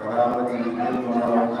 Selamat datang di Jakarta.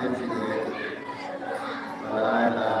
aminci gare ba ya ta ya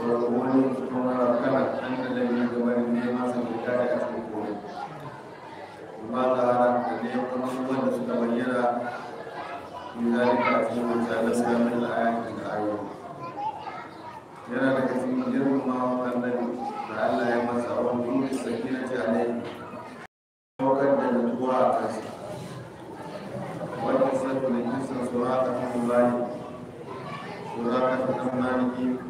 to da wani fitowa kana an da da da da suka bayyana min zalika da yana da da Allah ya a wani dukkan ta a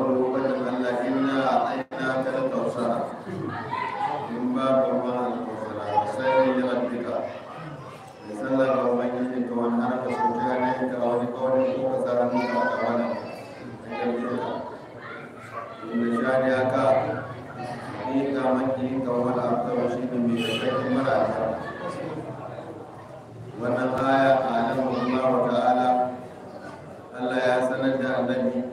وشانئك إنك مكينك والأرض وشئت بشكك مرأتك wannan aya a nan Allah ala? Allah ya sanar da annabi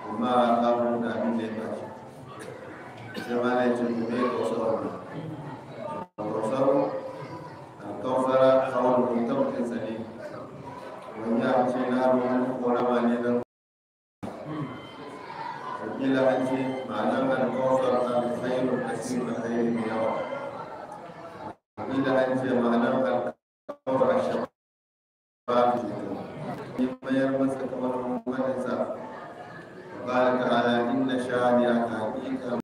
kuma a samun da abin da ya faci sai ma na ce kuma ya kausar wani kausar alkausara kawai mutum ɗinsa ne wani ya ce na abu wani korama ne don وعلم الموصل بالخير الحسين الخير اليوم وقيل أنت وعلم الكفر الشباب فيما يرمز